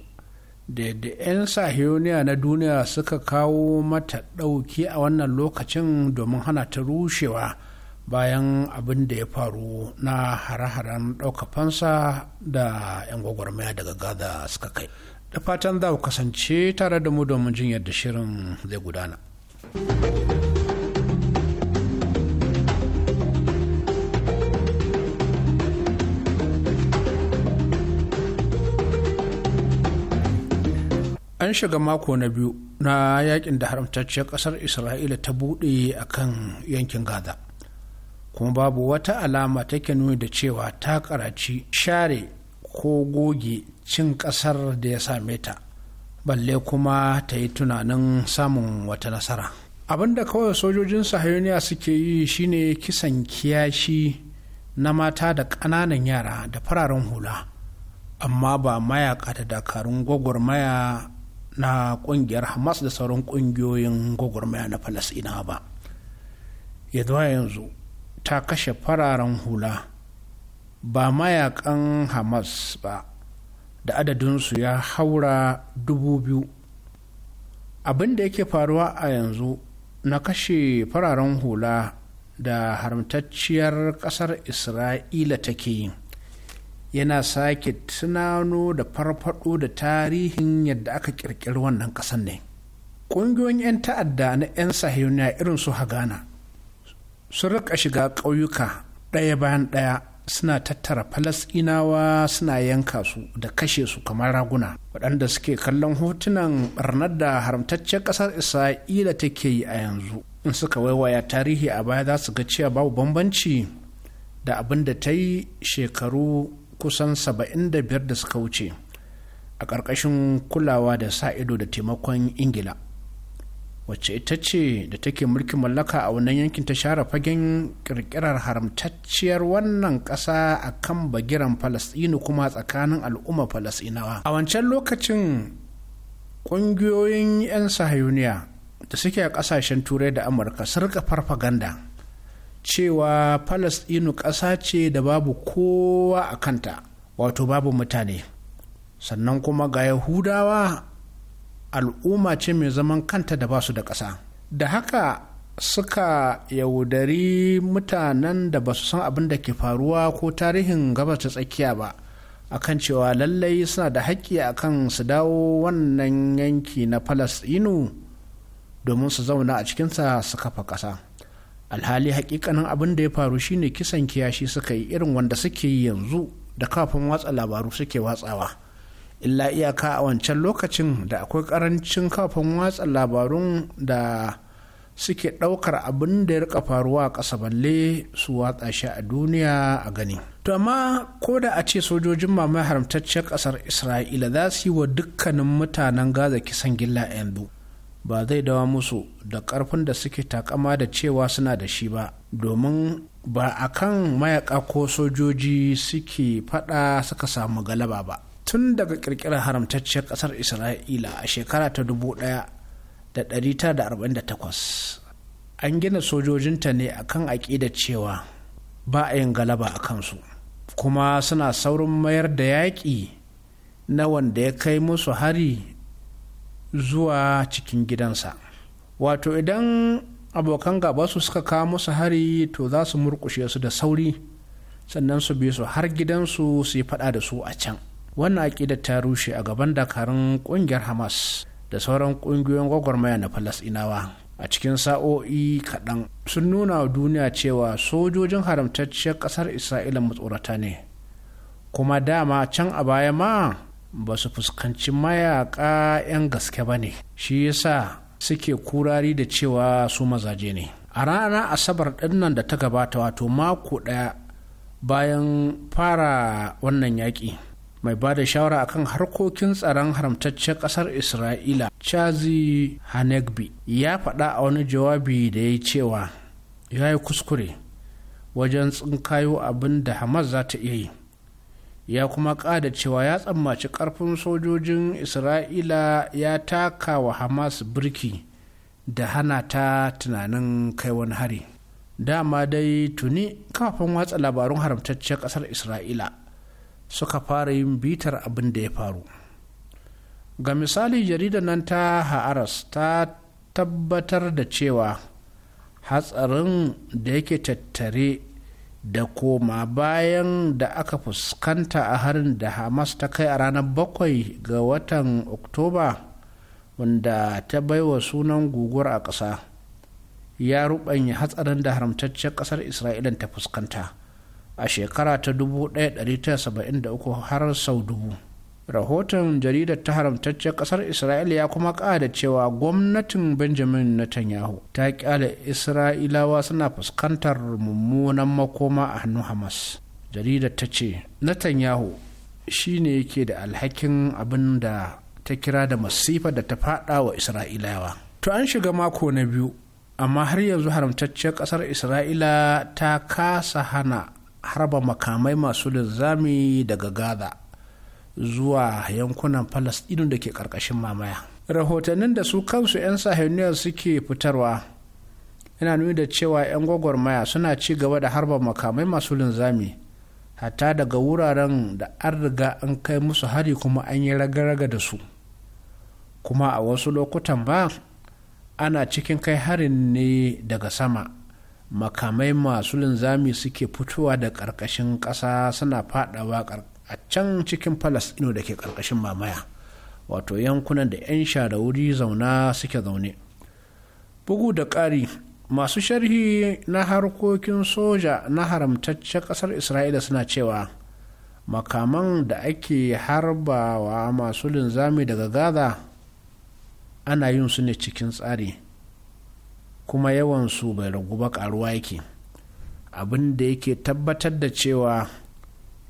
da yadda 'yan sahiyoniya na duniya suka kawo mata ɗauki a wannan lokacin domin hana ta rushewa bayan abin da ya faru na hare-haren ɗauka fansa da 'yan gwagwarmaya daga gaza suka kai da fatan za ku kasance tare da mu domin jin yadda shirin zai gudana an shiga mako na biyu na yakin da haramtacciyar ƙasar isra'ila ta buɗe a kan yankin gaza kuma babu wata alama take nuni da cewa ta karaci share ko goge cin ƙasar da ya same ta balle kuma ta yi tunanin samun wata nasara abin da kawai sojojin sahayoniya suke yi shine kisan kiyashi na mata da ƙananan yara da fararen hula amma ba mayaka da dakarun gwagwarmaya na ƙungiyar hamas da sauran ƙungiyoyin gwagwarmaya na Falasɗina ba ya yanzu ta kashe fararen hula ba mayakan hamas ba da adadinsu ya haura dubu biyu abin da yake faruwa a yanzu na kashe fararen hula da haramtacciyar ƙasar isra'ila take yi yana sake tunano da farfado da tarihin yadda aka ƙirƙiri wannan ƙasar ne ƙungiyoyin 'yan ta'adda na 'yan sahiyoniya irin su hagana sun rika shiga ƙauyuka ɗaya bayan ɗaya suna tattara falasɗinawa suna yanka su da kashe su kamar raguna waɗanda suke kallon hotunan ɓarnar da haramtaccen ƙasar isra'ila take yi a yanzu in suka waiwaya tarihi a baya za su ga cewa babu bambanci da abin da ta yi shekaru kusan 75 da suka wuce a ƙarƙashin kulawa da sa ido da taimakon ingila wacce ita ce da take mulkin mallaka a wannan yankin ta share fagen kirkirar haramtacciyar wannan ƙasa a kan bagiran falasɗinu kuma tsakanin al'umma falasɗinawa a wancan lokacin ƙungiyoyin 'yan sahayuniya da suke a ƙasashen turai da amurka sun farfaganda cewa falasɗinu ƙasa ce da babu kowa a kanta wato babu mutane sannan kuma ga yahudawa al'umma ce mai zaman kanta da basu da ƙasa da haka suka yaudari mutanen da basu san abin da ke faruwa ko tarihin gabas ta tsakiya ba akan cewa lallai suna da haƙƙi akan su dawo wannan yanki na falasɗinu domin su zauna a cikinsa su kafa ƙasa alhali haƙiƙanin abin da ya faru shine kisan kiyashi suka yi irin wanda suke yi yanzu da kafin watsa labaru suke watsawa illa iyaka a wancan lokacin da akwai karancin kafin watsa labarun da suke ɗaukar abin da ya rika faruwa a ƙasa balle su watsa shi a duniya a gani. To amma ko da a ce sojojin mamaye haramtacciyar ƙasar Isra'ila za su yi wa dukkanin mutanen Gaza kisan gilla yanzu. Ba zai dawa musu da ƙarfin da suke takama da cewa suna da shi ba, domin ba a kan mayaƙa ko sojoji suke faɗa suka samu galaba ba. tun daga kirkirar haramtacciyar kasar isra'ila a shekara ta 1948 an gina sojojinta ne akan aƙidar cewa ba a yin galaba a kansu kuma suna saurin mayar da yaƙi na wanda ya kai musu hari zuwa cikin gidansa wato idan abokan gaba su suka kawo musu hari to za su murƙushe su da sauri sannan su bi su har gidansu su yi faɗa da su a can wannan aƙidar ta rushe a gaban dakarun ƙungiyar hamas da sauran ƙungiyoyin gwagwarmaya na falasɗinawa a cikin sa'o'i kaɗan sun nuna wa duniya cewa sojojin haramtacciyar ƙasar isra'ila matsorata ne kuma dama can a baya ma ba su fuskanci mayaƙa 'yan gaske ba ne shi yasa suke kurari da cewa su mazaje ne a ranar asabar ɗinnan da ta gabata wato mako ɗaya bayan fara wannan yaƙi mai bada da shawara akan harkokin tsaron haramtaccen kasar isra'ila chazi hanegbi ya faɗa a wani jawabi da ya cewa ya yi kuskure wajen tsinkayo abin da hamas za ta iya yi ya kuma ƙada cewa ya tsammaci ƙarfin sojojin isra'ila ya taka wa hamas birki da hana ta tunanin kai wani hari dama dai tuni kafin watsa labarun haramtaccen ƙasar isra'ila suka fara yin bitar abin da ya faru ga misali jaridar nan ta ha'aras ta tabbatar da cewa hatsarin da yake tattare da koma bayan da aka fuskanta a harin da hamas ta kai a ranar bakwai ga watan oktoba wanda ta baiwa sunan guguwar a ƙasa ya ruɓanya hatsarin da haramtaccen ƙasar isra'ila ta fuskanta a shekara ta 1973 har sau dubu. rahoton jaridar ta haramtaccen kasar isra'ila ya kuma da cewa gwamnatin benjamin netanyahu ta kyale isra'ilawa suna fuskantar mummunan makoma a hannun hamas jaridar ta ce netanyahu shine yake da alhakin abin da ta kira da masifa da ta fada wa isra'ilawa to an shiga mako na biyu amma har yanzu haramtaccen kasar isra'ila ta kasa hana harba makamai masu linzami daga gaza zuwa yankunan falasɗinu da ke ƙarƙashin mamaya rahotannin da su kansu 'yan sahaniyar suke fitarwa yana nuni da cewa 'yan gwagwarmaya suna ci gaba da harba makamai masu linzami hatta daga wuraren da an riga an kai musu hari kuma an yi raga-raga da su kuma a wasu lokutan ba ana cikin kai harin ne daga sama makamai masu linzami suke fitowa da ƙarƙashin ƙasa suna faɗawa a can cikin ino da ke ƙarƙashin mamaya wato yankunan da 'yan shara wuri zauna suke zaune bugu da ƙari masu sharhi na harkokin soja na haramtaccen ƙasar isra'ila suna cewa makaman da ake harbawa masu linzami daga gaza ana yin su ne cikin tsari kuma yawansu bai ragu ba karuwa yake abin da yake tabbatar da cewa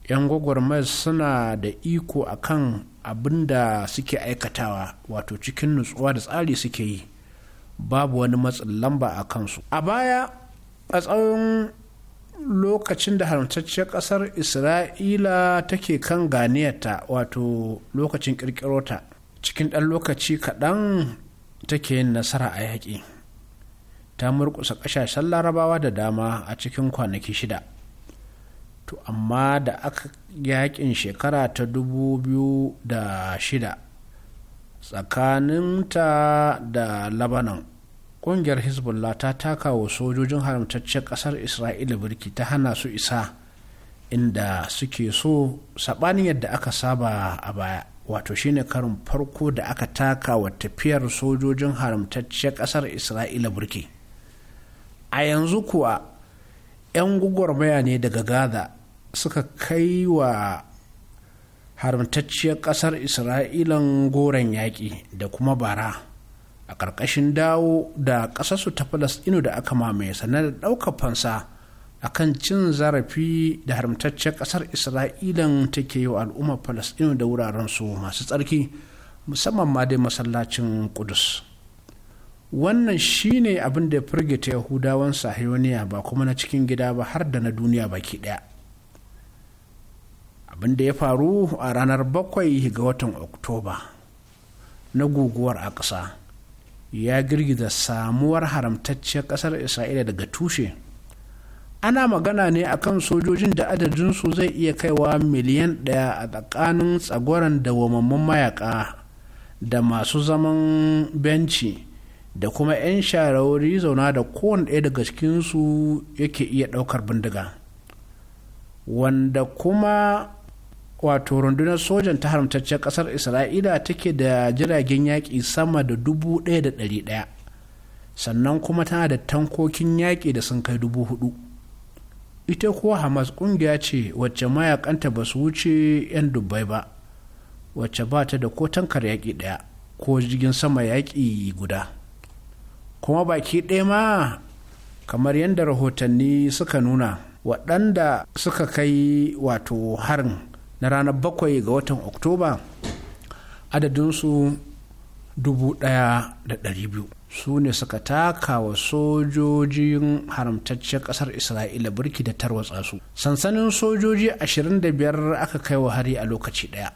'yan gwagwarmar suna da iko kan abin da suke aikatawa wato cikin nutsuwa da tsari suke yi babu wani matsin lamba a kansu a baya a tsawon lokacin da haramtacciyar kasar isra'ila take kan ganiyarta wato lokacin kirkirota cikin ɗan lokaci kaɗan take yin nasara a yaƙi ta murkusa ƙasashen larabawa da dama a cikin kwanaki shida to amma da aka yakin shekara ta dubu biyu da shida tsakaninta da labanan ƙungiyar hezbollah ta taka wa sojojin haramtaccen ƙasar isra'ila birki ta hana su isa inda suke so saɓanin yadda aka saba a baya wato shine karin farko da aka taka wa tafiyar sojojin haramtacciyar ƙasar isra'ila birki. a yanzu kuwa 'yan gwagwarmaya ne daga gaza suka kai wa haramtacciyar kasar isra'ilan goron yaƙi da kuma bara a ƙarƙashin dawo da ƙasarsu ta falasɗinu da aka mamaye sannan da ɗaukar fansa a kan cin zarafi da haramtacciyar ƙasar isra'ilan take yi wa al'ummar falasɗinu da wuraren su masu tsarki musamman ma dai masallacin ƙudus. wannan shine abin da ya firgita yahudawan sahiyoniya ba kuma na cikin gida ba har da na duniya baki daya abin da ya faru a ranar bakwai ga watan oktoba na guguwar a ƙasa ya girgiza samuwar haramtacciyar ƙasar isra'ila daga tushe ana magana ne akan sojojin da adadinsu zai iya kaiwa miliyan ɗaya a tsakanin tsagoran dawamamman mayaka da masu zaman benci da kuma 'yan shawarwari zauna da kowane ɗaya daga cikinsu yake iya ɗaukar bindiga wanda kuma wato rundunar sojan ta haramtaccen ƙasar isra'ila take da jiragen yaƙi sama da dubu ɗaya da ɗari ɗaya sannan kuma tana da tankokin yaƙi da sun kai dubu hudu ita kuwa hamas ƙungiya ce wacce mayakanta ba su wuce 'yan dubbai ba wacce ba ta da ko tankar yaƙi ɗaya ko jirgin sama yaƙi guda kuma baki ɗaya ma kamar yadda rahotanni suka nuna waɗanda suka kai wato harin na ranar bakwai ga watan oktoba adadinsu dubu ɗaya da ɗari biyu su ne suka taka wa sojojin haramtaccen ƙasar isra'ila birki da tarwatsa su sansanin sojoji 25 aka kai wa hari a lokaci ɗaya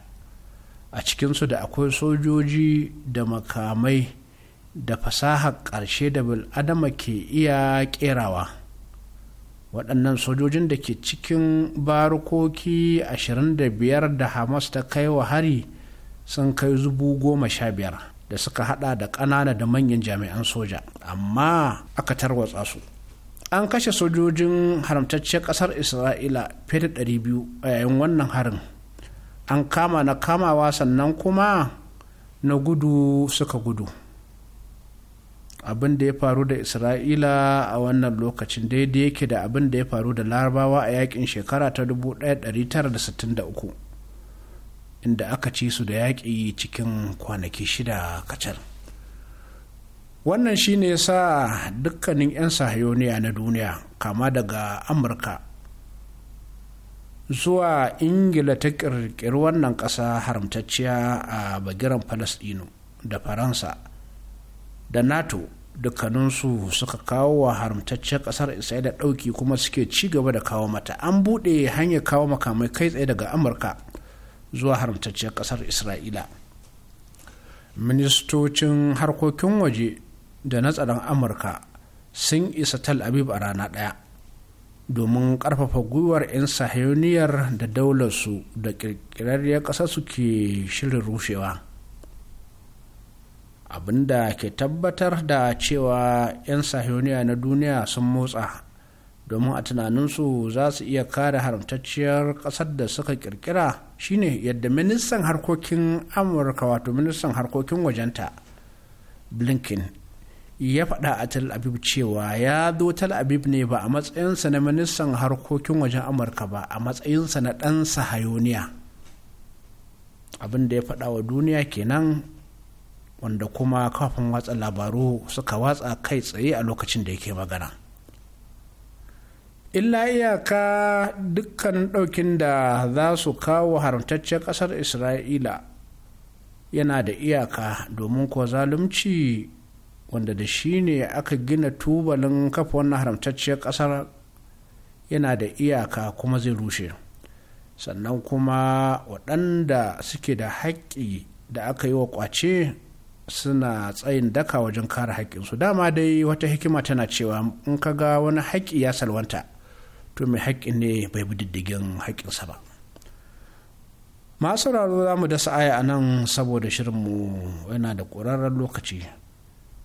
a cikinsu da akwai sojoji da makamai da fasaha ƙarshe da bil'adama ke iya ƙerawa waɗannan sojojin da ke cikin barukoki 25 da hamas ta kai wa hari sun kai zubu goma sha biyar da suka hada da ƙanana da manyan jami'an soja amma aka tarwatsa su an kashe sojojin haramtaccen ƙasar isra'ila fiye da 200 a yayin wannan harin an kama na kamawa sannan kuma na gudu suka gudu abin da ya faru da isra'ila a wannan lokacin daidai yake da abin da ya faru da larabawa a yakin shekara ta 1963 inda aka ci su da yaƙi cikin kwanaki shida kacal wannan shine ya sa dukkanin 'yan sahayoniya na duniya kama daga amurka zuwa ingila ta ƙirƙiri wannan ƙasa haramtacciya a bagiran falasɗinu da faransa da nato dukkaninsu suka kawo wa haramtaccen kasar isra'ila ɗauki kuma suke ci gaba da kawo mata an buɗe hanyar kawo makamai kai tsaye daga amurka zuwa haramtaccen kasar isra'ila ministocin harkokin waje da na tsaron amurka sun isa tal abib a rana ɗaya domin ƙarfafa gwiwar 'yan sahiyoniyar da daularsu da ƙirƙirarriyar ƙasa suke shirin rushewa abinda ke tabbatar da cewa 'yan sahiyoniya na duniya sun motsa domin a tunaninsu za su iya kare haramtacciyar ƙasar da suka kirkira shine yadda ministan harkokin amurka wato ministan harkokin wajenta blinken ya faɗa a tel aviv cewa ya zo tel aviv ne ba a matsayinsa na ministan harkokin wajen amurka ba a matsayinsa na ɗan sahayoniya abinda ya faɗa wa duniya kenan wanda kuma kafin watsa labaru suka watsa kai tsaye a lokacin da yake magana illa iyaka dukkan ɗaukin da za su kawo haramtaccen ƙasar isra'ila yana da iyaka domin kuwa zalunci wanda da shi ne aka gina tubalin kafa wannan haramtacciyar ƙasar yana da iyaka kuma zai rushe sannan kuma waɗanda suke da haƙƙi da aka yi wa ƙwace suna tsayin daka wajen kare haƙƙinsu dama dai wata hikima tana cewa in ka ga wani haƙƙi ya salwanta to mai haƙƙi ne bai bi diddigin haƙƙinsa ba masu sauraro za mu dasa aya a nan saboda shirinmu yana da ƙurarren lokaci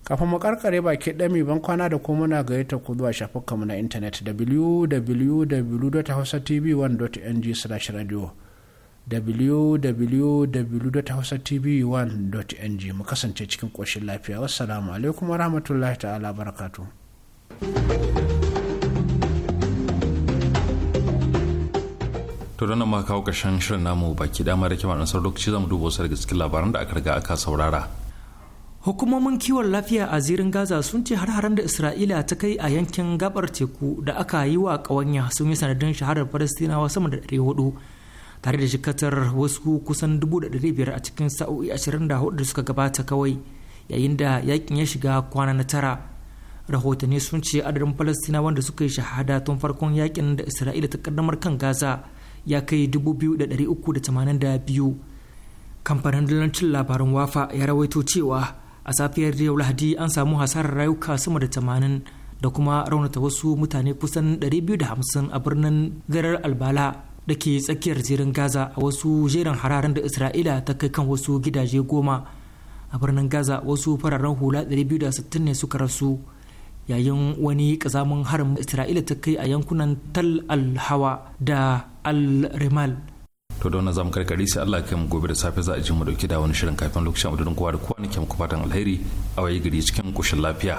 kafin mu karkare baki ɗami ban kwana da ko muna gayyata ku zuwa shafukanmu na intanet www.hausatv1.ng/radio www.hausatv1.ng mu kasance cikin ƙoshin lafiya wassalamu alaikum warahmatullahi ta'ala barakatu. turana ma kawo ƙarshen shirin namu baki dama da kyau a lokaci zamu duba wasu daga cikin labaran da aka riga aka saurara hukumomin kiwon lafiya a zirin gaza sun ce har-haren da isra'ila ta kai a yankin gabar teku da aka yi wa ƙawanya sun yi sanadin shaharar falastinawa sama da 400 tare da jikatar wasu kusan 1,500 a cikin sa'o'i 24 da suka gabata kawai yayin da yakin ya shiga kwana na tara rahotanni sun ce adadin falastina wanda suka yi shahada tun farkon yakin da isra'ila ta kaddamar kan gaza ya kai 2,382 kamfanin dalancin labarin wafa ya rawaito cewa a safiyar yau lahadi an samu hasarar rayuka sama da 80 da kuma raunata wasu mutane kusan 250 a birnin garar albala da ke tsakiyar zirin gaza a wasu jerin hararen da isra'ila ta kai kan wasu gidaje goma a birnin gaza wasu fararen hula 260 ne suka rasu yayin wani kazamin harin isra'ila ta kai a yankunan tal al-hawa da al-rimal to da zamu karkari sai Allah ya mu gobe da safe za a ji mu dauki da wani shirin kafin lokacin da kowa da kowa ke muku fatan alheri a waye gari cikin kushin lafiya